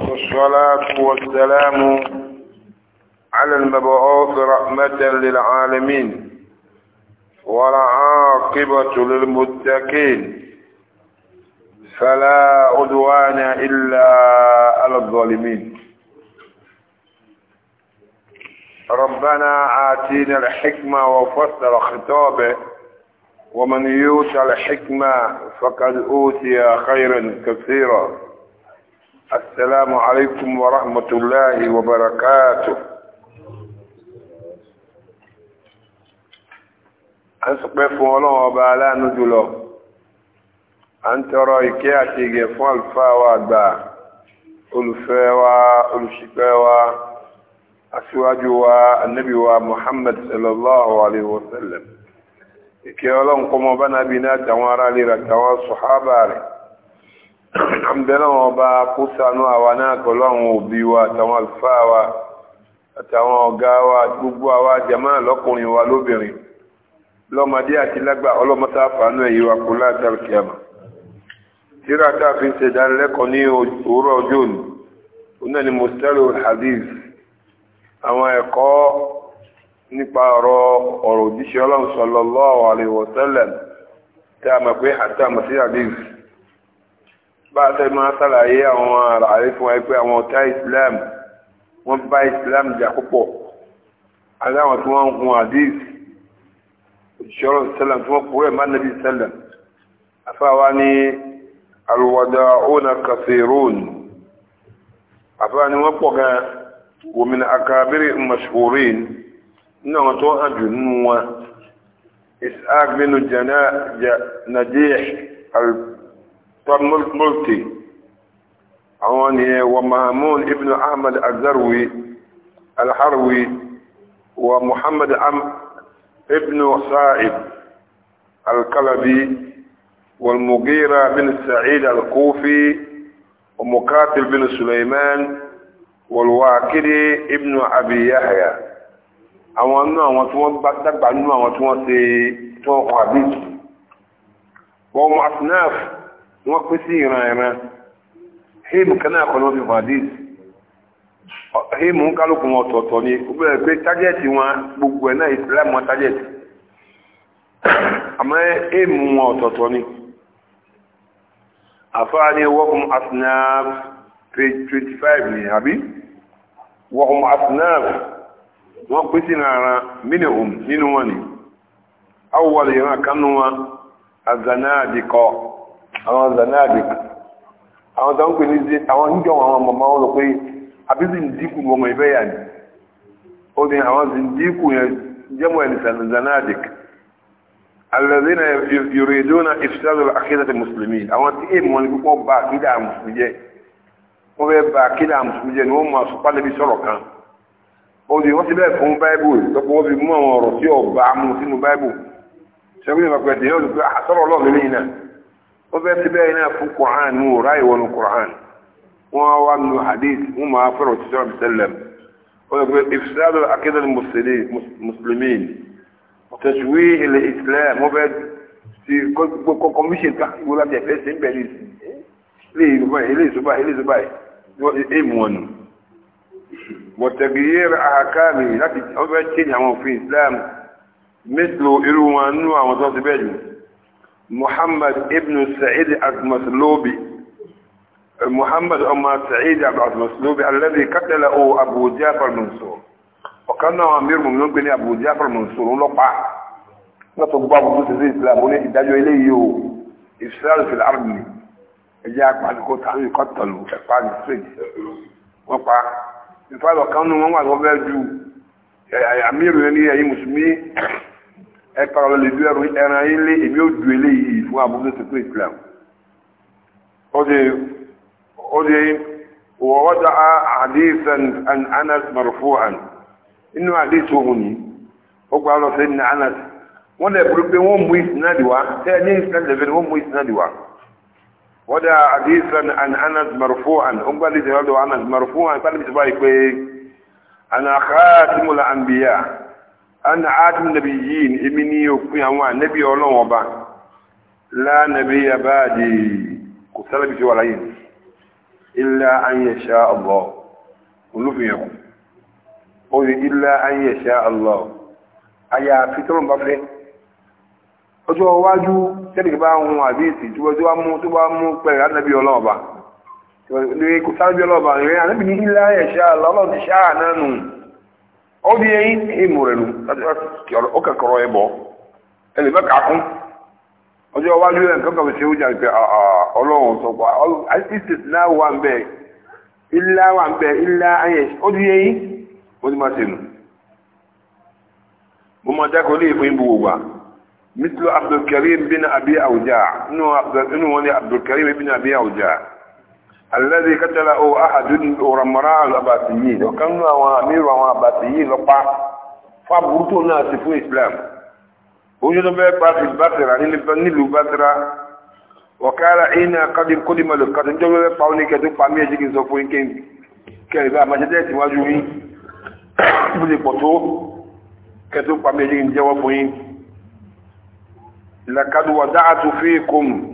والصلاة والسلام على المبعوث رحمة للعالمين والعاقبة للمتقين فلا عدوان إلا على الظالمين ربنا آتينا الحكمة وفصل خطابه ومن يوت الحكمة فقد أوتي خيرا كثيرا السلام عليكم ورحمة الله وبركاته a ń sọpẹ́ fún ọlọ́run ọba aláàánú jùlọ a ń tọrọ ìkẹ́ àti ìgẹ̀ fún àlùfáà wa àgbà olùfẹ́ wa olùṣìpẹ̀ wa aṣíwájú wa annabi wa muhammad sallallahu alaihi wasallam ìkẹ́ ọlọ́run kọmọ bá nábi náà tàwọn ará lè rà tàwọn sọ̀hábà rẹ̀ àmìbẹ̀lọ́wọ́ ọba kó sànú àwa náà pẹ̀lú àwọn òbí wa àtàwọn àlùfáà wa àtàwọn ọ̀gá wa gbogbo àwa jàmáà lọ́kùnrin wa lóbìnrin lọ́mọdé àti lágbà ọlọ́mọta fàánú ẹ̀yí wa kó látàrí kìámà tíra káàfin ṣèdánilẹ́kọ̀ọ́ ní òwúrọ̀ ọjọ́ òní sallallahu alaihi wasallam tí a mọ̀ pé bá a fẹ́ máa ṣàlàyé àwọn àlàyé fún ẹ pé àwọn ọ̀tá islam wọ́n bá islam jà púpọ̀ aláwọ̀ tí wọ́n ń hun hadith ìṣọ́rọ̀ sẹ́lẹ̀ tí wọ́n kúrò má nàbí sẹ́lẹ̀ afáwa ní alùwàdà òun kàfẹ́rún afáwa ní wọ́n pọ̀ gan wòmìn akabiri mashhurin nínú àwọn tó hàn jù nínú wọn isaac bin najih al mulki àwọn ni wa mahmoud ibn ahmad al-zarwi al-harwi wa muhammad am ibn sa'ib al-kalabi والمغيرة بن سعيد الكوفي ومقاتل بن سليمان والواكري ابن أبي يحيى àwọn náà àwọn tí wọ́n dàgbà nínú àwọn tí wọ́n ṣe tí wọ́n kọ àbíkì wọ́n mọ̀ asnáàfù wọ́n pín sí ìran ìran hímù na kan lọ́bí fàdís hímù kálùkù wọn ọ̀tọ̀ọ̀tọ̀ ni ó bẹ̀rẹ̀ pé tájẹ̀tì wọn gbogbo ẹ̀ náà ìsìlámù tájẹ̀tì àmọ́ hímù wọn ọ̀tọ̀ọ̀tọ̀ ni àfáà ni wọ́kùn asnaf ni àbí wọ́kùn asnaf wọ́n pín sí ìran nínú wọn ni lè ràn kánú wọn àwọn zanadik àwọn tó ń pè ní ṣe àwọn níjọ àwọn mọ̀mọ́ wọn lọ pé àbísí ń dínkù mọ̀mọ́ ìbẹ́ yà ní ó ní àwọn sì ń dínkù yẹn jẹ́mọ̀ ẹni zanadik alẹ́zínà yorùdóná ìfisàlù àkídàtì mùsùlùmí àwọn tí èèmù wọn ni púpọ̀ bá àkídà mùsùlùmí jẹ́ wọ́n fẹ́ bá àkídà mùsùlùmí jẹ́ ni wọ́n mọ̀ àsopá níbi sọ̀rọ̀ kan ó ní wọ́n ti bẹ́ẹ̀ fún báíbù lọ́pọ̀ wọ́n fi mú àwọn ọ̀rọ̀ tí ọ̀bá mú sínú báíbù ṣẹ́gun ìgbà pẹ̀lú ìyẹn ò ó fẹ́ ti bẹ́ẹ̀ náà fún Qur'an mú ráyè wọnú Qur'an wọ́n wá nù hadith wọ́n máa fẹ́ràn òṣìṣẹ́ ọ̀bí sẹ́lẹ̀m ó lè pe ifsad al-aqidah al islam ó ti kọ́kọ́ kọ́míṣẹ̀ ká gbogbo ẹ̀fẹ́ sí bẹ̀rẹ̀ ilé ilé ìsúbà ilé ìsúbà èèmù محمد ابن سعيد المسلوبي محمد أما سعيد المسلوبي الذي قتله أبو جعفر المنصور وكان أمير المؤمنين بن أبو جعفر المنصور لقى نتبع بطوس الإسلام ونحتاج إليه إفساد في الأرض جاء بعد قوت عن يقتلوا بعد السجن وقع فقالوا كانوا مواقع غباجوا أمير يعني مسلمين ẹ̀pàrọ̀ lè du ẹrù ẹran yín lé èmi ò du eléyìí fún àbúrò tuntun islam ọdẹ wọ́wọ́dà àdìsàn an anas marfu'an inú àdìsàn òhun ni ó gba lọ sí ní anas wọ́n lè burú pé wọ́n mú ìsinádìí wá tẹ́ ní ìsinádìí wọ́n mú ìsinádìí wá wọ́dà àdìsàn an anas marfu'an ó gbá lè jẹ́ lọ́dọ̀ anas marfu'an pálí bí sọ báyìí pé ana khatimul anbiya أن عاتم النبيين إمني يكون عن نبي الله وبا لا نبي بعدي كسلم في ولاين bá ń hun àbíyèsí tí wọ́n tí wọ́n mú tí wọ́n mú pẹ̀lú ànábì ọlọ́ọ̀bá ní kò sáré bí ọlọ́ọ̀bá rẹ̀ ànábì ní ilé ayẹ̀ṣẹ́ àlọ́ọ̀lọ́ ti ṣáà náà ọdún yẹn ìmù rẹ̀ ụka ọkà kọ̀rọ̀ ẹ̀ bọ̀ ẹnì bẹ́ẹ̀ nke kún ọjọ́ iwájú rẹ̀ nǹkan kan ṣe na isis náà wà ń ọ ilá wà ń bẹ ilá ayẹ ọdún yẹn ó ti mislu abdulkarim bin abi awja abdulkarim bin abi الذي قتله أحد ورمراء الأباسيين وكانوا وامير وأباسيين لقى فابرتوا الناس في الإسلام وجدوا بقى في البصرة نلو بصرة وقال إن قد قدم القدم جوا بقاوني كدو فامي جيكي سوفوين كين كان بقى مجدات واجوين بلي بطو كدو فامي جيكي جوا فوين لقد وضعت فيكم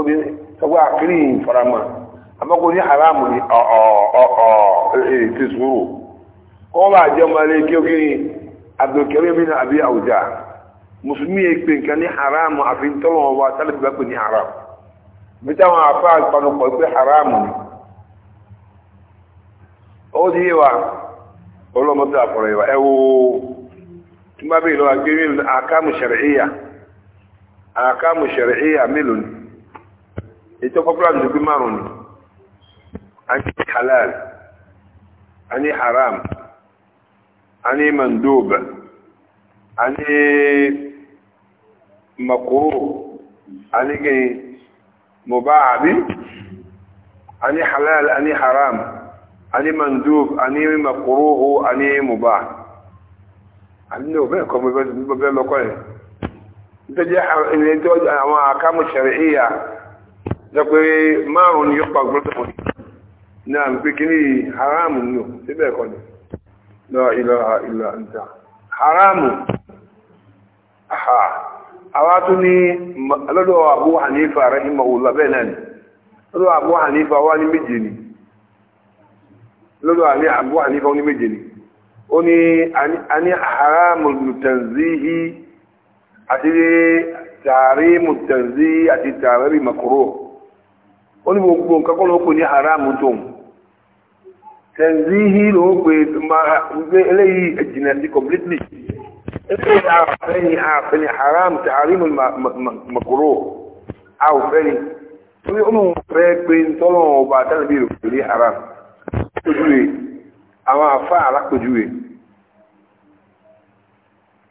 obìnrin sọgbà àkírí ìfaramọ́ àmọ́kò ni haramu ní ọ̀ọ̀ọ̀ọ̀ ti sùúrù kọ́ bá jẹ́ ọmọ ilé kí Abi Awja musulmi yẹ pé ni haramu àfi tọ́lọ̀ wọn wá tálẹ̀ bá haramu bí táwọn afá ìpanupọ̀ pé haramu ni ọ di wa olóòmọ́tò àfọ̀rọ̀ ìwà ẹwọ́ tí wọ́n bá bèèrè lọ́wọ́ gbé àkámù ṣẹ̀rẹ̀ àkámù ṣẹ̀rẹ̀ mélòó ni ètò popular ní pé márùn ni a ní halal a ní haram a ní mandub a ní makuru a ní gẹ̀yìn mubaabi a ní halal a ní haram a ní mandub a ní makuru a ní mubaa a ní ọ̀fẹ́ kọmọ bẹ́ẹ̀ lọ́kọ́ yẹn nítorí àwọn àkámù ṣàrí'íyà jẹ́ pé márùn-ún ni yóò pa gbọ́dọ̀ wọn ní àmì haramu aha àwa tún lọ́dọ̀ Abu Hanifa rahimahullah bẹ́ẹ̀ náà Abu Hanifa wá ní méje ni lọ́dọ̀ àní Abu Hanifa ní méje ni ó ní àní haramu tanzihi àti tààrí mutanzi àti tààrí makruh ó ní gbogbo nǹkan kọ́ ló pè ní haramu tóun tẹ̀síhì ló pè gbé eléyìí ìjìnlẹ̀ sí completely eléyìí àfẹ́ ni ni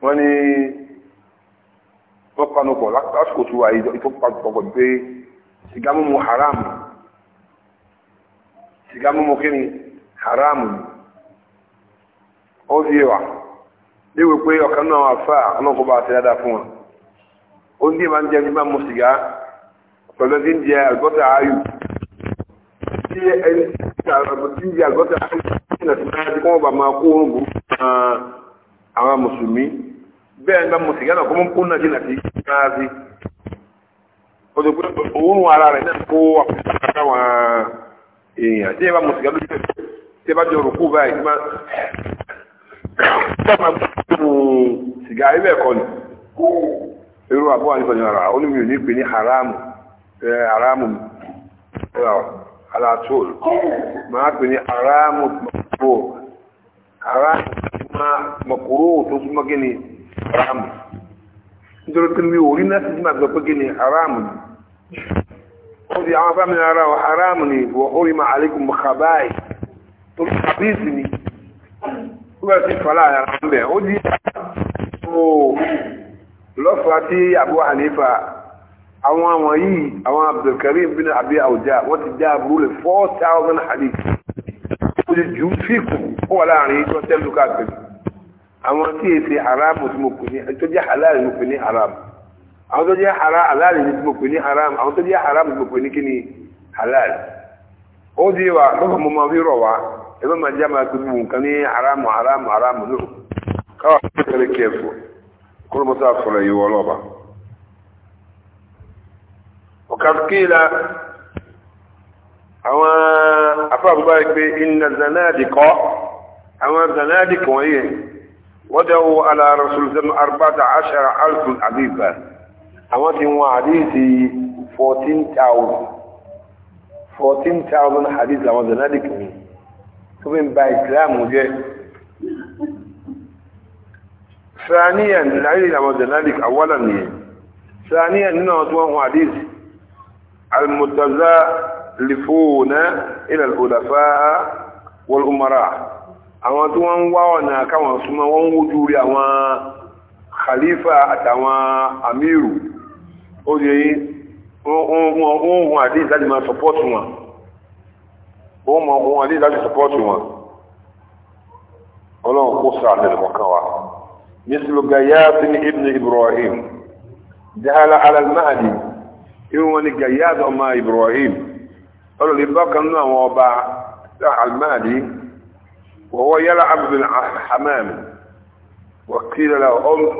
wọ́n ní lásìkò tó wà yìí tó panupọ̀ pé sìgá mímu haram sìgá mímu kí ni haram ó di wa léwu pé ọ̀kan náà wà fà ọlọ́kọ̀ bá ṣe dáadáa fún wa ó ní ìmá ń jẹ nígbà mu sìgá pẹ̀lú tí ń jẹ àgọ́tà ayù tí ẹni tí ń jẹ àgọ́tà ayù tí ń jẹ àti kọ́ bá máa kó oorun burúkú àwọn mùsùlùmí bẹ́ẹ̀ ń bá mu sìgá náà kó mú kó náà jìnnà sí ó ti pé ara rẹ̀ náà kó àwọn èèyàn tí ẹ bá mọ̀síkà lójú ẹ̀ tí ẹ bá jọ rògbò báyìí tí máa ń gbọ́dọ̀ sìgá ibẹ̀ kọ́ ni irú àbúrò àníkọ̀ọ́nì ara onímọ̀ yóò ní pè ní haramu haramu alatol máa pè ní haramu mọ̀kúrò haramu mọ̀kúrò tó súnmọ́ kí ni haramu nítorí pé mi ò rí náà ó di àwọn fámìlì ara wọn haram ni wọ́n ó rí ma aleikum khabai tó fi kàbíìsì ni ó bẹ̀rẹ̀ sí fọlá àyàrá ń bẹ̀ ó di ó lọ́fà tí Abu Hanifa àwọn àwọn yìí àwọn Abdulkarim bin Abi Awja wọ́n ti dá aburú lè four thousand hadith ó di jù fíkù ó wà láàrin ìjọ tẹ́lú káàkiri àwọn tí èsì haram tó mo àwọn tó jẹ́ haram halal ní mo ní haram àwọn tó jẹ́ haram mo ní halal ó di wa lọ́kàn mo máa fi rọ̀ wá ẹgbẹ́ máa já máa gbogbo nǹkan ní haram haram haram ló káwà tó tẹ̀lé kí kó ló mọ́ yìí lọ́ba àwọn iná àwọn wọ́n àwọn tí wọ́n àdíìsì 14,000 14,000 àdíìsì àwọn zanadik mi tó bí n ba ìsìláàmù jẹ́ sàníyàn láyé àwọn zanadik àwọ́là ni sàníyàn nínú àwọn tí wọ́n hún àdíìsì almutaza lifona ilal hudafa wal umara àwọn tí wọ́n wá ọ̀nà káwọn súnmọ́ wọ́n wójú rí àwọn khalifa àtàwọn amiru ó yẹ yí ohun àdéhùn láti máa sọpọ́ọ̀tù wọn ohun ohun àdéhùn láti sọpọ́ọ̀tù wọn ọlọ́run kó sọ àlẹ́ kọ̀ọ̀kan wa mislu gayatin ibn ibrahim jahala alalmahadi irun wọn ni gayat ọmọ ibrahim ọlọ́run bákan náà àwọn ọba alalmahadi وهو يلعب بالحمام وقيل له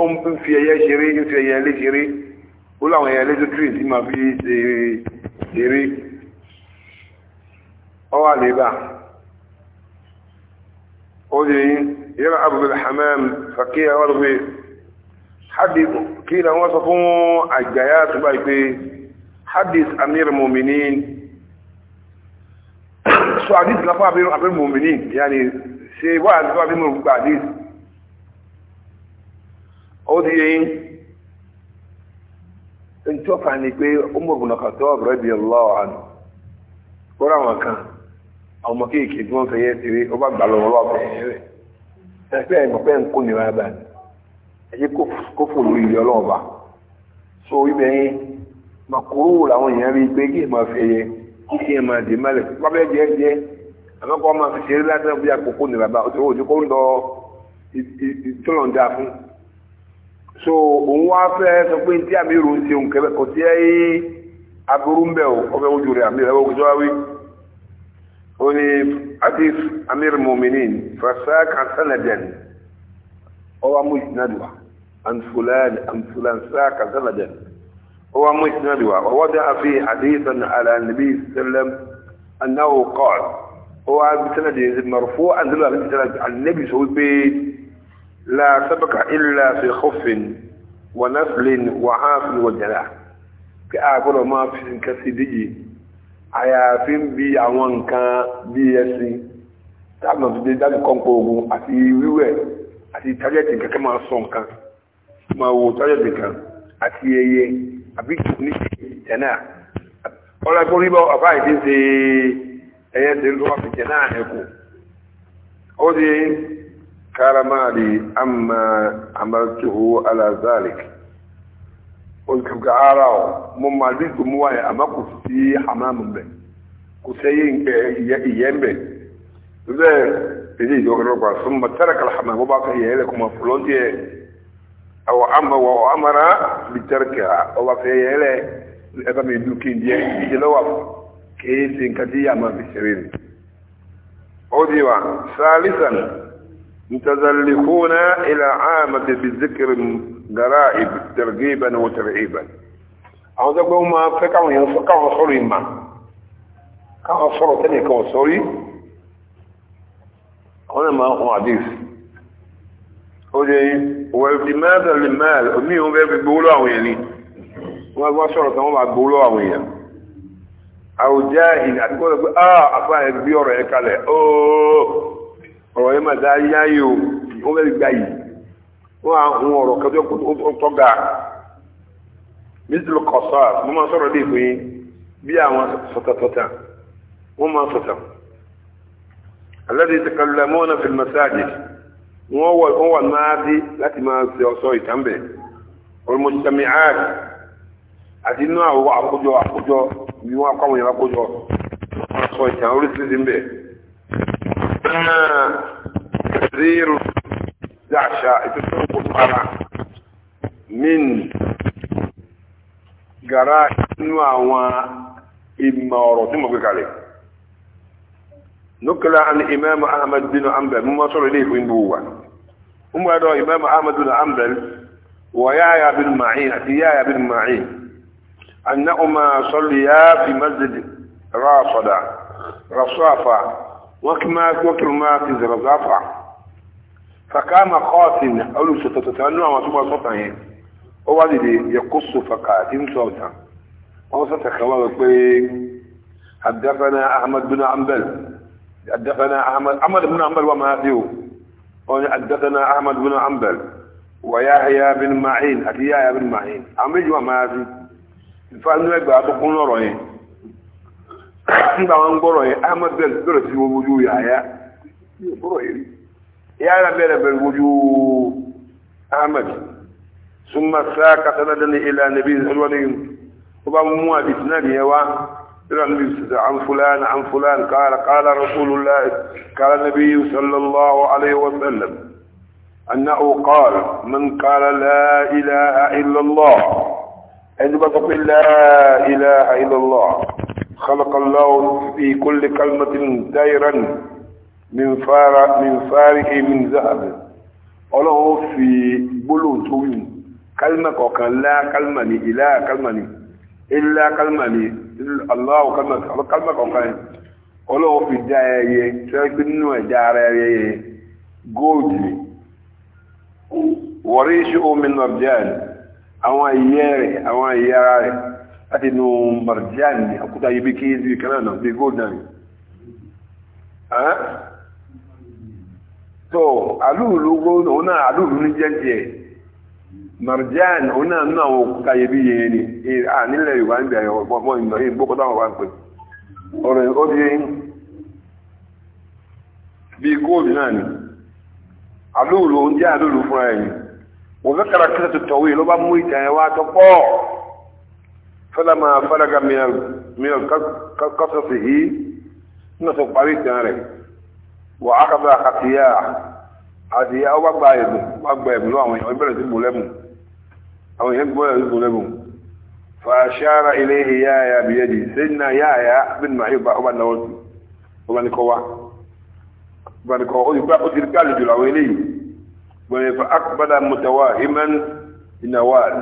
أم في يجري في يجري ó láwọn ẹ̀yà lẹ́tọ́tírì tí ma fi ṣe eré ọwà lébà ó lè yẹ́rọ abúlé hamam fàkíyà wọ́n rọ̀ pé hadith kí na wọ́n sọ fún àgbàyà tó bá pé hadith amir mominin so hadith na fún abir mominin yani ṣe wọ́n àti fún abir mominin gbà hadith ó lè yẹ́yìn ntọ́fà ni pé Umar ibn Khattab radiyallahu anhu kóra wọn kan àwọn ọmọ kéèké tí wọ́n fẹ́ yẹ́ ti rí ọba gbà lọ́wọ́ ọba fẹ́ rẹ̀ ẹgbẹ́ ẹ̀mọ́ pẹ́ ń kó ní wáyà báyìí ẹ̀yẹ kó fò lórí ilé ọlọ́ọ̀bà so ibẹ̀ yẹn màkúrú làwọn èèyàn rí i pé kí ẹ máa fẹ́ yẹ kí ẹ máa dè mọ́lẹ̀ wọ́n bẹ́ẹ̀ jẹ́ àkókò nìlàbà òṣèlú òṣèlú kó ń lọ ìtọ́lọ̀ ń dáa fún so òun wá fẹ́ sọ pé tí àmì ìrò ń ṣe òun kẹ́bẹ̀ kò sí ẹ́yí aburú ń bẹ̀ ò ọbẹ̀ ojú rẹ̀ àmì ìrẹ̀wọ̀ òjò wáwí ó ní àti amir mominin fasak asanadan ọwọ́ amú ìsinaduwa anfulan anfulan sak asanadan ọwọ́ amú ìsinaduwa ọwọ́ dá àfi àdéhìsàn àlà nàbí sẹlẹm anáwó kọ́ọ̀l ọwọ́ abisanadan marfó àdúrà àbí sẹlẹm ànẹ́bí sọ wípé لا سبق إلا في خف ونسل وعاف وجلاء كأقول ما في كسيدي àyàfin bí àwọn nǹkan bí ẹsìn táàmù fi dájú kọ́ǹkọ́ ogun àti wíwẹ̀ àti tájẹ̀tì kẹ́kẹ́ máa sọ nǹkan máa wo tájẹ̀tì kan àti ẹyẹ àbí ní jẹ̀nà ọlọ́gbọ́n rí bá ọ̀bá ìdí ṣe ẹyẹ ṣe ń lọ́wọ́ fi jẹ̀nà ẹ̀kọ́ ó di كان مالي أما عملته على ذلك وكم قعاره مما ديك مواي أما كفتي حمام به كسيين إيام به إذا يقول ثم ترك الحمام وبقى هي لكم فلونتي أو أما وأمر بتركها وبقى هي لك أبا من دوكين دي إجلوه كيسين كديا ما في سبيل أوديوا ثالثا متزلفون إلى عامة بالذكر غرائب ترغيبا وترعيبا àwọn tó gbé wọn máa fẹ́ káwọn èèyàn sọ káwọn sọ̀rọ̀ ìmà káwọn sọ̀rọ̀ tẹ́lẹ̀ kan sọ́rí àwọn náà máa hàn àdéhùn ó lè wẹ̀lùdì mẹ́ta lè mẹ́ẹ̀lì omi ìhun bẹ́ẹ̀ fi gbowó lọ àwọn èèyàn ni wọ́n gbọ́ sọ̀rọ̀ tán wọ́n máa gbowó lọ àwọn èèyàn àwùjá ìlú àti kọ́ lọ pé ah àfáà ẹ gbé ọ̀rọ̀ ẹ kalẹ̀ ooo ọ̀rọ̀ yẹn máa dáa yáyé o wọ́n fẹ́ gba yìí wọ́n á hun ọ̀rọ̀ kẹjọ tọ́gà mísìlì kọ̀sọ́ mo máa sọ̀rọ̀ dé ìpín bí àwọn sọ̀tàsọ̀tà wọ́n máa sọ̀tà alẹ́ ti kàlẹ́ mọ́ náà fi mẹ́sáàgì wọ́n wà máa dé láti máa ṣe ọ̀sọ́ ìtàǹbẹ̀ olùmọ̀tàmí ààrẹ àti inú àwọn àkójọ àkójọ àkójọ ìtàn أما تحذير دعشة تسوق الفرع من جراء نوع إما ورثم بك عليه نقل عن الإمام أحمد بن أنبل مما صلى إليه في النبوة أم هذا الإمام أحمد بن أنبل ويايا بن معين أتيايا بن معين أنهما صليا في مسجد راصدا رصافة وكما وكما في زرزافة فقام قاسم أول ستتتنوع وصبع سطعه ووالد يقص فقاتم صوتا وصلت خلال حدثنا أحمد بن عمبل حدثنا أحمد أحمد بن عمبل وما فيه حدثنا أحمد بن عمبل ويحيى بن معين أتي يحيى بن معين أمج وما فيه فأنا أقول لك nígbà wọn gbọ́rọ̀ yẹn ahmed bẹ́ẹ̀ bẹ̀rẹ̀ sí wo wojú yàyà gbọ́rọ̀ yẹn yàrá bẹ̀rẹ̀ bẹ̀rẹ̀ wojú ahmed súnmọ́ sáà kásánádẹ́ni ilà nàbí ìsọlọ́lẹ́yìn ó bá mú àdìsí náà nìyẹn wá عن فلان عن فلان قال قال رسول الله قال النبي صلى الله عليه وسلم أنه قال من قال لا إله إلا الله أن بطق لا إله إلا الله خلق الله في كل كلمة دائرا من فارق من فارق من ذهب ọlọ́wọ́ fi gbólóhùn tó wù kálmà kọ̀ọ̀kan lá kálmà ní ilá kálmà ní ilá kálmà ní aláwọ̀ kálmà kọ̀ọ̀kan ọlọ́wọ́ fi dá ẹyẹ tẹ́lẹ̀kí nínú ẹ̀dá ara ẹyẹ góòdì ni wọ̀rí ṣe omi nàbjáàlì àwọn ẹ̀yẹ rẹ̀ àwọn ẹ̀yẹ ara rẹ̀ láti inú eh? marjan ní ibi kí ní ibi kanáà náà bí gold náà ni so alúùlú gold òun náà alúùlú ní jẹ́jẹ́ marjan òun náà nínú àwọn ibi yẹn ni à nílẹ̀ yorùbá ń bẹ̀rẹ̀ ọ̀pọ̀ ìgbà yìí gbókòtà wọn wá ń pè ọ̀rọ̀ ó di bí gold náà ni alúùlú oúnjẹ alúùlú fúnra ẹ̀yìn wọ́n fẹ́ kára kí ló bá mú ìtàn ẹ̀ wá tó pọ̀ فلما فرج من من قصصه نصب قريت عليه وعقب خطياه àti àwọn àgbà ẹ̀bùn àgbà ẹ̀bùn lọ àwọn èèyàn bẹ̀rẹ̀ sí bùlẹ́mù àwọn èèyàn bẹ̀rẹ̀ sí bùlẹ́mù fàṣára ilé ìyáyà bí yẹ́dì sẹ́yìnà yáyà bí nà yóò bá ọba náà sí ọba ní kọ́ wá ọba ní kọ́ ó ti rí káàlì jùlọ àwọn eléyìí gbọ̀nyẹ̀fà akbada mutawa himan inawaali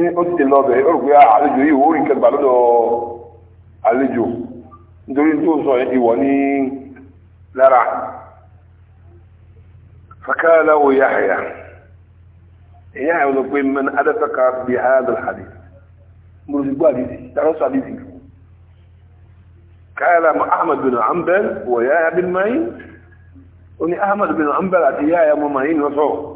ní ó ti lọ bẹ̀rẹ̀ ó rò pé ah, àlejò yìí ó rí nǹkan gbà lọ́dọ̀ àlejò nítorí tó sọ yẹn ti wọ̀ ní lára fakala wo yahya èyí àyà lọ pé mẹ́ni adẹ́fẹ́ka bí hadha alhadith mo ti gbọ́ àdìsí dáná sọ àdìsí kala mu ahmed bin hanbal wa yahya bin ma'in ó ní ahmed bin hanbal àti yahya mu ma'in lọ́sọ̀ọ́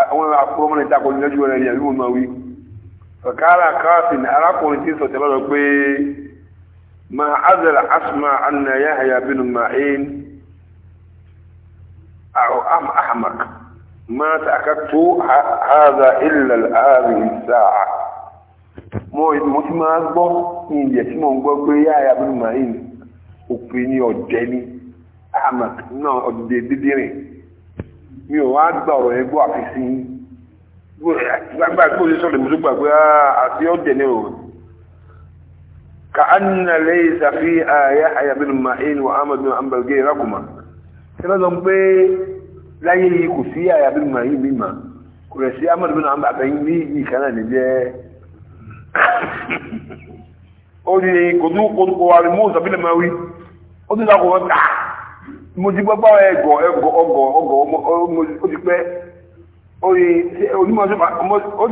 àwọn akọ́mọ́ ní takò lójú rẹ̀ ní àbí mọ̀ wí ọ̀kára káàfin arákùnrin tí sọ̀tẹ̀ lọ́dọ̀ pé ma azara asma anna yahya bin ma'in am ahmak ma ta'akatu hadha illa al-hadhihi as-sa'a mo mo ti ma gbọ́ ni je ti mo gbọ́ pé yahya bin ma'in òpin mi ò wá a ọ̀rọ̀ yẹn gbọ́ àfi sí gbàgbà kí o àti ọ̀dẹ̀ ní o كأن ليس فيها يحيى بن معين وأحمد بن أنبل غيركما كما ذنبي لا يكو فيها يحيى بن معين بما كل شيء kò tún kó wà ní mú mo ti gbọ́ báwọn ẹ̀gọ́ ẹ̀gọ́ ọgọ́ ọgọ́ ó ti pẹ́ onímọ̀ ó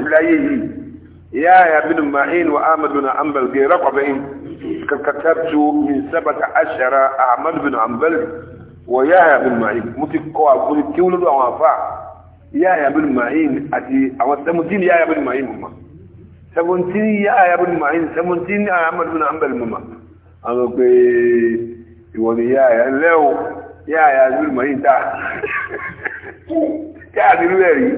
ti ya ya bin ma'in wa amadu na ambal gai rakwabin karkatattu min sabata ashara ahmadu bin ambal wa ya ya bin ma'in mutu kowa kuli kiwulu da afa. yaya bin ma'in àti àwọn 17 yaya bin ma'in mumma 17 yaya bin ma'in 17 ahmad bin hanbal mumma àwọn pé ìwọ ni yaya lẹ́wọ̀ yaya bin ma'in ta tí a nílò ẹ̀rí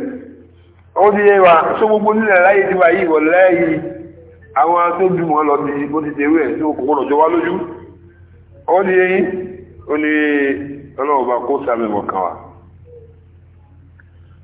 ó ti yẹ wa só gbogbo nílẹ̀ láyé tí wà yìí wọ lẹ́yìn àwọn tó jù wọn lọ bí bó ti tẹ̀wé ẹ̀ tí ó kòkòrò jọ wá lójú ó ti o yìí ó ní ọlọ́wọ́ bá kó sàmì wọ̀kan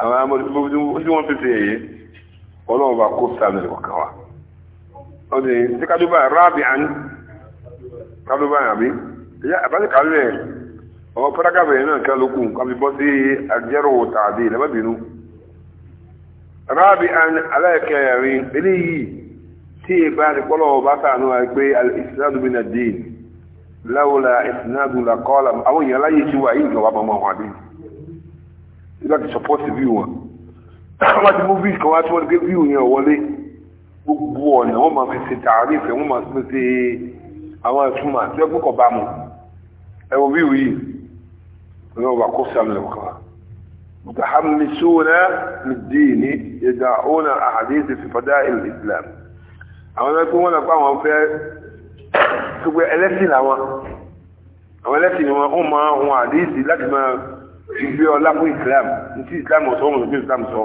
àwọn amọ̀dé wọ́n fi fi èyí ọlọ́run bá kó sáà lórí ọkàn wa ọdún yìí tí kájú báyìí ráàbì àní kájú báyìí àbí àbájú kàlú ẹ̀ ọmọ pátákàbẹ̀ ti pọ́lọ̀ bá sàánú láti support view wọn wọ́n ti mú view kan wá tí wọ́n ti gé view yẹn wọlé gbogbo ọ̀nà wọ́n máa fi ṣe tààrí ìfẹ́ wọ́n máa fi ṣe àwọn ìtumọ̀ tí wọ́n kọ̀ bá mu ẹ̀wọ̀n view yìí wọ́n wà kó sàmì lọ́kàn wa. متحمسون للدين يدعون أحاديث في فضائل الإسلام àwọn ẹgbẹ́ wọn lọ́pàá wọn fẹ́ gbogbo ẹlẹ́sìn làwọn àwọn ẹlẹ́sìn wọn ó máa wọn àdéhìsì láti máa ìgbé ọlá fún islam ntí islam ọ̀sọ́ wọn lókè islam sọ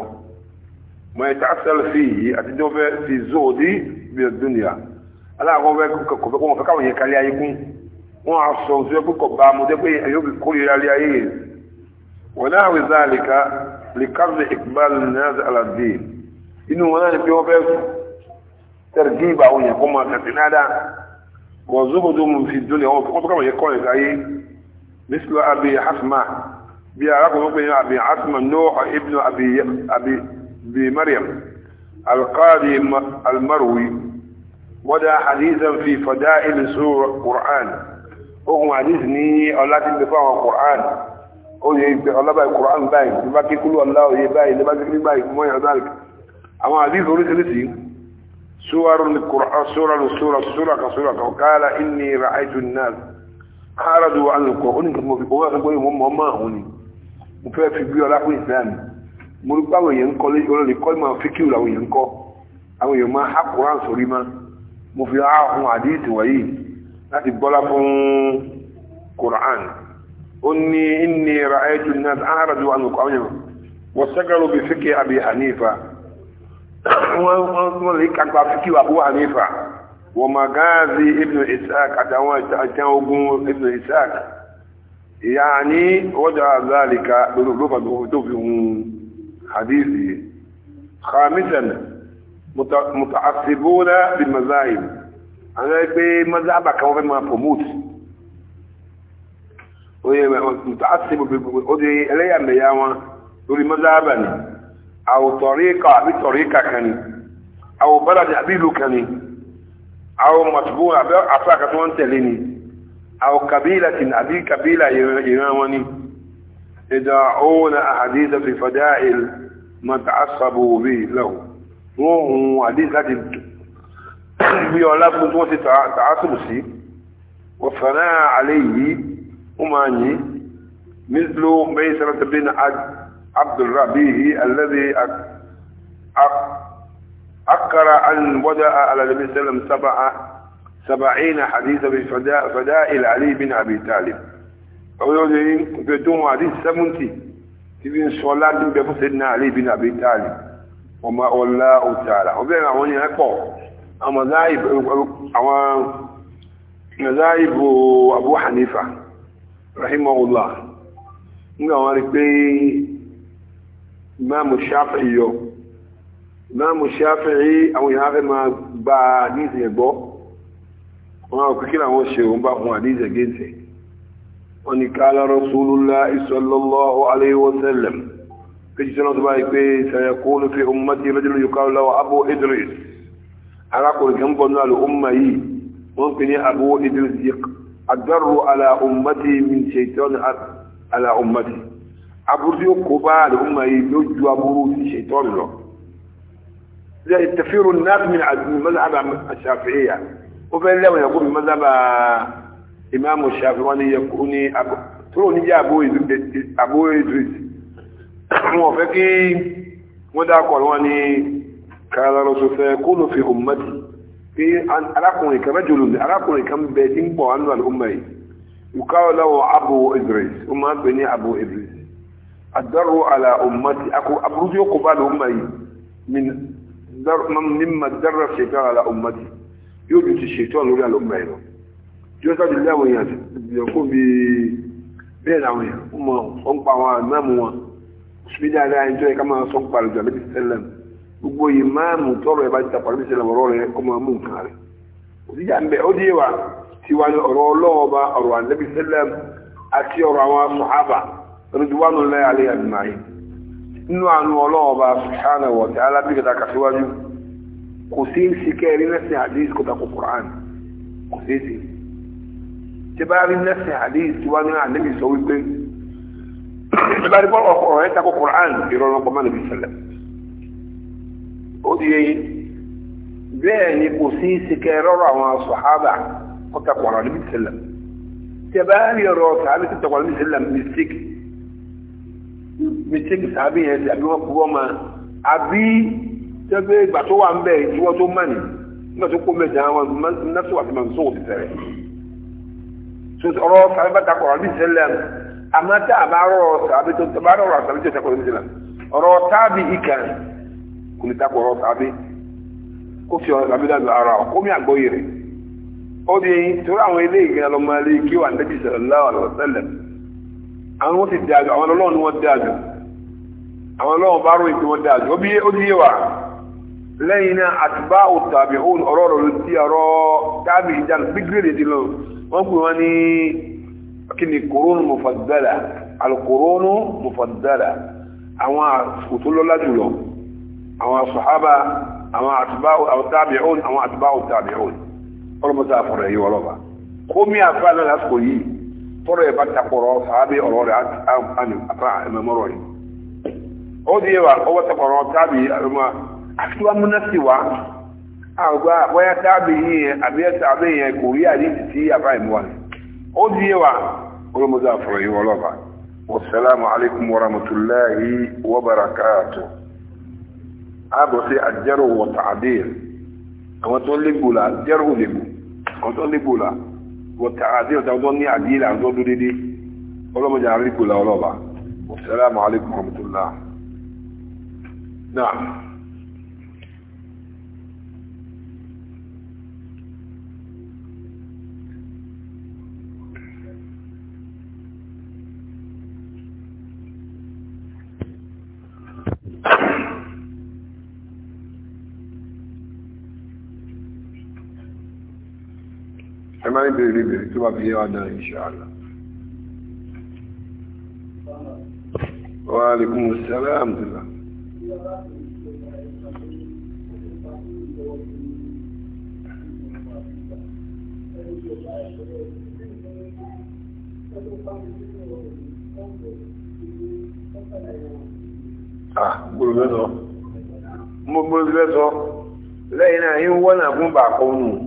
mọ ẹ̀ tá sẹ́lẹ̀ sí yìí àti tí wọ́n fẹ́ fi zoo dí bí ọdún nìyà aláàkọ́ fẹ́ kọ̀ fẹ́ kọ́ wọn fẹ́ káwọn yẹn kalẹ̀ ayé kún wọn á sọ sí ẹgbẹ́ kọ̀ bá mu dẹ́gbẹ́ ẹ̀yọ́ fi kórè alẹ́ ayé yẹn wọn náà wí sáà lè ka lè ká lè ìgbàl náà alàdé inú wọn náà ni pé wọ́n fẹ́ tẹ̀rẹ̀ dín ìgbà wọn yẹn kọ́ máa tẹ̀sí náà dáa wọ́n zóbodó mu fi dúnìyà wọn fẹ́ kọ́ bí arákùnrin pé àbí asma nóòhà ibnu àbí bí mariam alqadi almarwi wọ́dá hadithan fi fọ́dá ilé sóòrò ƙùrán ogun hadith ní ọlá ti gbẹ̀fọ́ àwọn ƙùrán ó yẹ ìgbẹ̀ ọlọ́bà ƙùrán báyìí ní bá kíkúlù ọlá òye báyìí ní kíkúlù báyìí mọ́ yàrá dáàlì àwọn hadith oríṣiríṣi سور القرآن سورة السورة سورة سورة وقال إني رأيت الناس خرجوا عن القرآن كما في قوة هم هم هوني mo fẹ́ fi gbé ọlá fún islam mo rí pé àwọn èèyàn ń kọ́ lórí kọ́ ìmọ̀ àwọn èèyàn ń kọ́ àwọn èèyàn máa sórí ma mo fi há ohun wọ̀nyí láti bọ́lá fún koran ó ní inni ra'aytu an-nas a'radu an al wa sagaru bi fiqhi abi hanifa wọ́n lè kápá abu hanifa wa magazi ibn ishaq àtàwọn ogun ibn isaac. يعني وضع ذلك لغة توفيه حديثه خامسا متعصبون بالمذاهب أنا يقول مذهب كما ما بموت متعصب بالأدعي إلي أن ياما يقول مذهبا أو طريقة بطريقة كان أو بلد أبيل كان أو مطبوع أفاك تونتلني أو قبيلة أبي قبيلة إمامني يدعون أحاديث في فدائل ما تعصبوا به له وهم حديث التي بيولافوا توتي تعصب سي وفناء عليه أماني مثل ميسرة بن عبد الربيع الذي أقر أن وجاء على النبي صلى الله عليه وسلم سبعة سبعين حديثا بفدائل علي بن أبي طالب أولي بدون حديث سمنتي تبين صلاة بفسدنا علي بن أبي طالب وما الله تعالى وبين أولي أكو أما ذايب أما أبو حنيفة رحمه الله نقول لك ما مشافعي ما مشافعي أو يهاغي ما بعديث يبوه wọn kò kí làwọn ṣe òun bá fún àdíjẹ gẹ́ẹ̀tẹ̀ wọn ni káàlá rasulullahi sallallahu alaihi wa sallam kéjì tí wọn tó báyìí pé sayakunu fi ummati rajulun yuqalu lahu abu idris arákùnrin kan bọ̀ náà lò umma yìí wọn ní abu ó fẹ́ lẹ́wọ̀n yẹn kó mi mọ́sábà ìmáàmù ṣàfi wọ́n ní yẹ kó ní tóró níjẹ́ àbó Idris wọn fẹ́ kí wọ́n dákọ̀ wọn ní kàràrọ̀ sọfẹ́ kó ló fi ummati pé arákùnrin kan mẹ́jọ lòdì arákùnrin kan bẹ tí ń bọ̀ anú àlùmọ́ yìí yukawo lọ́wọ́ abu Idris ó máa ń pè ní abu Idris adarru ala ummati aburú tí ó kó bá lọ́mọ́ yìí min mimma darra yóò bí ti ṣètò lórí àlọ́gbà ẹ̀rọ tí ó sáàdì ní àwọn èèyàn ìyọ̀kó bí bẹ́ẹ̀ làwọn èèyàn ó mọ ọ̀npa àwọn àmàmù wọn síbi dáadáa ẹni tó yẹ máa pa àlùjọ àbẹ́bí sẹ́lẹ̀m gbogbo yìí tọrọ ẹ̀ bá ti tàpá àbẹ́bí sẹ́lẹ̀m ọ̀rọ̀ máa mú nǹkan ń bẹ kò sí sí kẹrí lẹ́sìn hadith kò tako Qur'an kò sí sí tí bá rí lẹ́sìn hadith tí wọ́n ní ànábì sọ wípé tí bá rí bọ́ ọ̀rọ̀ ẹ̀ tako Qur'an ìrọ̀rùn ọkọ̀ mọ́nà bí sẹlẹ̀ ó di yẹn bẹ́ẹ̀ ni kò sí sí kẹrí ọ̀rọ̀ àwọn sàhábà kò tako Qur'an bí tí bá rí ọ̀rọ̀ sàhábà kò tako Qur'an bí mistake mistake sàhábà yẹn ti àbí wọ́n tẹ́gbẹ́ ìgbà tó wà ń bẹ̀ ìwọ́ tó mọ̀ ní nígbà tó kó mẹ́jọ àwọn nọ́ọ̀sì wà sóò ti tẹ̀rẹ̀ so ọ̀rọ̀ sàbí kọ̀ àbí ìṣẹ̀lẹ̀ àmọ́ tá a bá rọ̀ sàbí tó bá rọ̀ sàbí tó sẹ́kọ̀ọ́ níjìlá ọ̀rọ̀ tábì ìkàn kò ní takọ̀ ọ̀rọ̀ sàbí kó fi ọ̀rọ̀ ara kó mi àgbọ̀ ó di torí àwọn ilé ìgbìyànjú ọmọ ilé lẹ́yìn náà àtìbá òtàbí òun ọ̀rọ̀ rẹ̀ ló ti ọ̀rọ̀ tábì ìjànà bígírèdè ti lọ wọ́n pè wọ́n ní kíni kòrónù mọ̀fàdàlà alukòrónù mọ̀fàdàlà àwọn òtólọ́lá jùlọ àwọn sọ̀hábà àwọn àtìbá òtàbí òun àwọn àtìbá òtàbí òun ọ̀rọ̀ mọ́ta àfọ̀rọ̀ yìí wọ́n lọ́ba kó mi àfa náà lásìkò yìí tọ́rọ̀ ẹ̀ bá takọ̀rọ̀ sàábì àti wá múná sí wa àgbà bóyá tábì yìí yẹn àbí tábì yẹn kò rí àdíjì tí àbá ìmúwa ni ó di yé wa olómọdé àfọ̀rọ̀ yìí wọlọ́ba wasalaamu alaykum wa rahmatulahi wa barakaatu àbọ̀ sí àjẹrò wọ̀tà àdéhìn àwọn tó légbò la àjẹrò légbò àwọn tó légbò la wọ̀tà àdéhìn táwọn tó ní àdéhìn àwọn tó dúró dédé olómọdé àrígbò la wọlọ́ba wasalaamu alaykum wa rahmatulahi. نعم béèrè béèrè tó bá fi yé wa náà inṣàlá. Wa alaikum salaam tila. Ah, gbogbo mẹ́sàn-án. Mo gbogbo mẹ́sàn-án. Lẹ́yìn náà, yín wọ́n náà fún bàkọ́ nù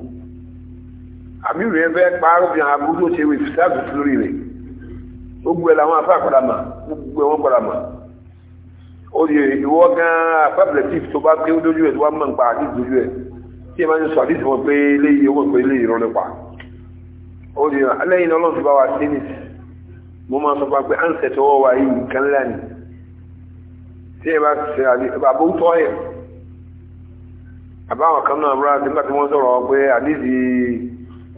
àmìrì ẹgbẹ́ pààrọ̀bìn àbúrò ṣe wí fìsáàbù lórí rẹ̀ gbogbo ẹ̀ làwọn afá àpàdà mà gbogbo ẹ̀wọ̀n padà mà ó yẹ ìwọ gan afábìlẹ̀ tíìf tó bá gbé lójú ẹ̀ tó wá mọ̀ nípa àdìs lójú ẹ̀ tí ẹ máa ń sọ àdìs wọn pé eléyìí owó pé eléyìí rọ nípa ó yẹ lẹ́yìn ọlọ́run ti bá wa sí nìsí mo máa sọ pé ánsẹ̀ tó wọ́ wa yìí nǹkan ńlá ni tí ẹ bá ṣe àbó tọ́ ẹ̀ àbáwọn kan náà rárá nígbà tí wọ́n sọ̀rọ̀ pé àdìs yìí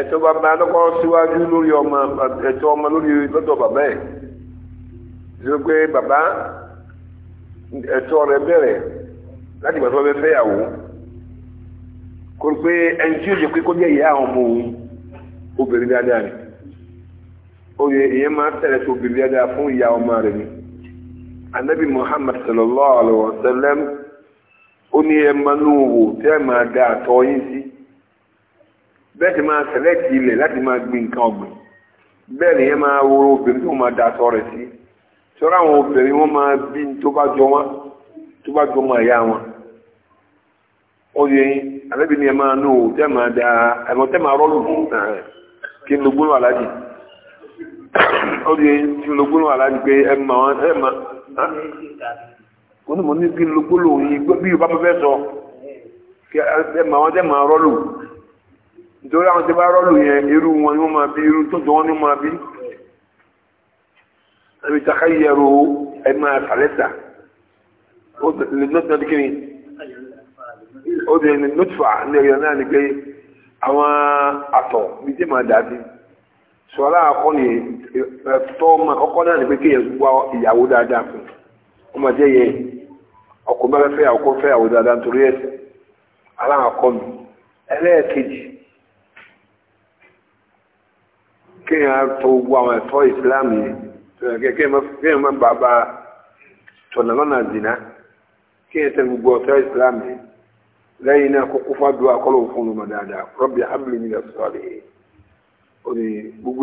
ẹ̀tọ́ bàbá lọ́kọ́ síwájú lórí ọmọ ẹ̀tọ́ ọmọ lórí lọ́dọ̀ bàbá ẹ̀ ṣe pé bàbá ẹ̀tọ́ rẹ̀ bẹ̀rẹ̀ láti gbà tó bá fẹ́ kò pé ẹni tí ó jẹ́ pé kó ìyá àwọn ọmọ òun obìnrin dáadáa ni muhammad sallallahu alaihi wa sallam ó ní ẹ máa wò máa bẹ́ẹ̀ ti máa sẹ̀lẹ́tì ilẹ̀ láti máa gbin nǹkan ọ̀gbìn bẹ́ẹ̀ nìyẹn máa wo obìnrin tó máa da sọ rẹ̀ sí sọ́rọ́ àwọn obìnrin wọ́n máa bí tó bá jọ wọn tó bá jọ ọmọ ìyá wọn ó yẹ alẹ́bí ni ẹ máa nù ó tẹ́ máa da ẹ̀mọ́ tẹ́ máa rọ́ọ̀lù kí n lo gbóló aláàjì ó yẹ kí n lo gbóló aláàjì pé ẹ máa wọn ẹ máa ó ní mo ní kí n lo gbóló yìí bí Yorùbá fẹ́ sọ ẹ máa wọn tẹ́ máa rọ́ọ̀lù. nítorí àwọn tí bá rọ́lù yẹn irú wọn ni wọ́n máa bí irú tó jọ wọ́n ni máa bí ẹbí takà yẹrù ẹ máa ó lè nọ́tì náà ní ẹ̀yọ náà ni pé àwọn àtọ̀ bí tí màá dàbí sọlá àkọ́ni ẹ̀tọ́ ọmọ ọkọ́ náà ni pé kéèyàn gbọ́ ìyàwó dáadáa fún jẹ́ kí n tó gbọ́ àwọn ẹ̀tọ́ islam yìí kí n má bàbá tọ̀nà lọ́nà zina kí n tẹ gbogbo ọ̀tọ́ islam yìí lẹ́yìn náà kókó fàdúrà akọ́lọ̀ fún ọmọ dáadáa rọ́bì abúlé ní ẹ̀sọ́lẹ̀ òní gbogbo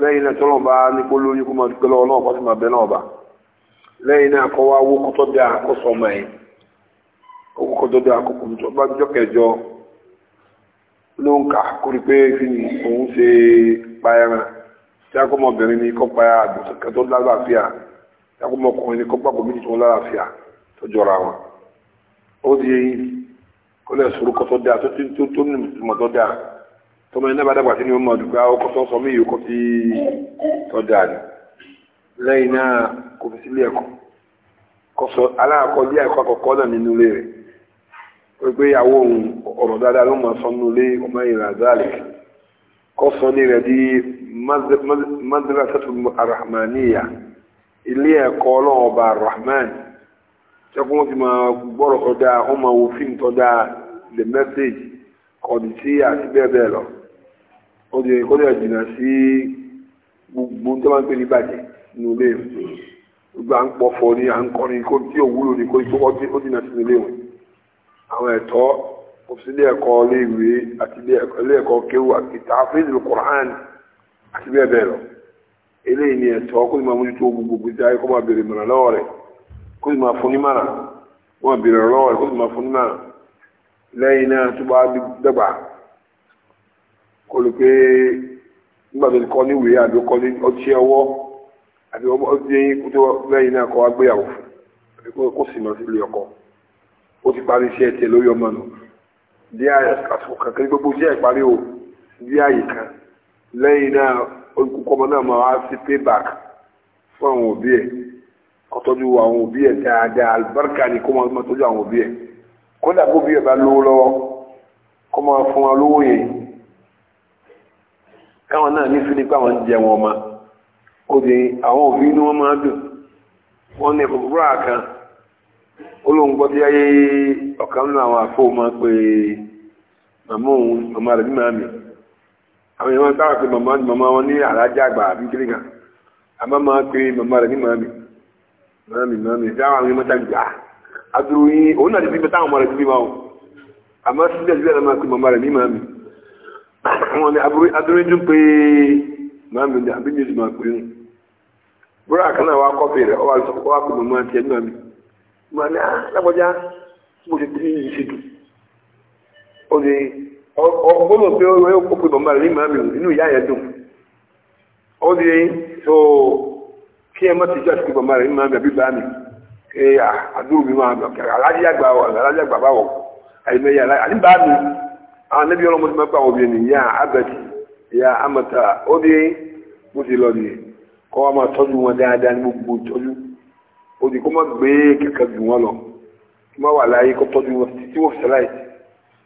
lẹ́yìn náà tọ́lọ̀ bá ní kó lóyún kó máa dúpẹ́ lọ́wọ́ náà kó sì máa bẹ náà bá lẹ́yìn náà kọ́ wá wó kótó bí akọ́sọ ọmọ yìí kókó kótó pa ẹran tí a kọ́ ọmọbìnrin ní kọ́ pa àgùntàn kan tó lálàáfíà tí a kọ́ ọmọkùnrin ní kọ́ pàgọ́ méjì tó lálàáfíà tó jọra wọn. ó di eyín kó lè sọ̀rọ̀ kọ́ tó dáa tó tó ní mùsùlùmọ́ tó dáa tọmọ iná bá dàgbà sí ni ó mọ àdúgbò àwọn kọ́ tó sọ mí yòókù tí tó dáa ni. lẹ́yìn náà kò fi sílé ẹ̀kọ́ kọ́sọ aláàkọ́lé ẹ̀kọ́ àkọ́kọ́ náà nínú ilé rẹ̀ pé pé ìyàwó òun ọ̀rọ̀ dáadáa ló mọ̀ sọ́nú ilé ọmọ ìrìn àzáàlì kọsọni rẹ di madrasatu arahmaniya ilé ẹ̀kọ́ Ọlọ́run ọba arahman sẹkùn wọn ti máa gbọ́rọ̀ ọdá wọn máa the message kọdí sí àti bẹ́ẹ̀ bẹ́ẹ̀ lọ ó di kó lè gbogbo tó máa kò sí ilé ẹ̀kọ́ iléèwé àti ilé ẹ̀kọ́ kéwù àti tààfíìsì kùrán àti bẹ́ẹ̀ bẹ́ẹ̀ lọ eléyìí ni ẹ̀tọ́ kó sì máa mójútó gbogbo gbèsè ayé kó máa béèrè mọ̀ràn lọ́wọ́ rẹ̀ kó sì máa fún ní mọ̀ràn kó máa béèrè lọ́wọ́ rẹ̀ kó sì máa fún ní mọ̀ràn lẹ́yìn náà tó bá dẹ́gbà kó bí àyè àsìkò kankan gbogbo jẹ́ ìparí o bí àyè kan lẹ́yìn náà olùkókò ọmọ náà máa wá sí payback fún àwọn òbí ẹ̀ kó tọ́jú àwọn òbí ẹ̀ dáadáa àlùbáríkà ni kó máa tọ́jú àwọn òbí ẹ̀ kódà kó bí ẹ̀ bá lówó lọ́wọ́ kó fún wọn lówó yẹn káwọn náà ní fílípà wọn jẹ wọn ọmọ obìnrin àwọn òbí ni wọ́n máa dùn wọ́n ní ẹ̀kọ́ búrọ̀ kan olóhùn gbọ́dọ̀ yáyé ọ̀kan nínú àwọn àfọ́ máa pè é màmá òun màmá rẹ̀ bí màá mi àwọn èèyàn máa ń sábà pé màmá màmá wọn ní àlájá àgbà àbí kiri kan àmọ́ máa pe màmá rẹ̀ bí màá mi màá mi màá mi sáwọn àwọn èèyàn máa tàbí gbà àdúró yín òun náà ti fi táwọn ọmọ rẹ̀ ti fi máa wọ̀ àmọ́ síbẹ̀síbẹ̀ náà máa pe màmá rẹ̀ bí màá mi àwọn ni àdúró yín dún pé màá mi àbí mi ò sì máa pè é búrọ̀ àkànnà wa kọ́fì rẹ̀ ọwọ́ àkùnrin màmá tiẹ̀ ní màá ah, mi màá ní alágbọ́já mo ti dín ìṣèdùn ó lè ọgbọ́nà pé ó yóò kópe bàbá rẹ̀ nígbà mi inú ìyá yẹn dùn ó lè so kí ẹ má ti jẹ́ àsìkò bàbá rẹ̀ nígbà mi àbí bá mi ẹ àdúró mi máa gbà aláàjì àgbà aláàjì àgbà báwọ̀ àyẹ̀mẹ̀yẹ àti bá mi àwọn níbi ọlọ́mọdé máa gbà wọ̀ bí ẹni ìyá abẹ́tì ìyá amọ̀ta ó lè mo ti lọ nìyẹn kọ́ wa máa tọ́jú wọn dáadáa ní gbogbo ìtọ́jú ó di kó má gbé kẹ̀kẹ́ dùn wọn lọ kí má wà láyé kó tọ́jú wọn títí wọ́n fi sẹ́láìtì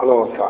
ọlọ́ọ̀sà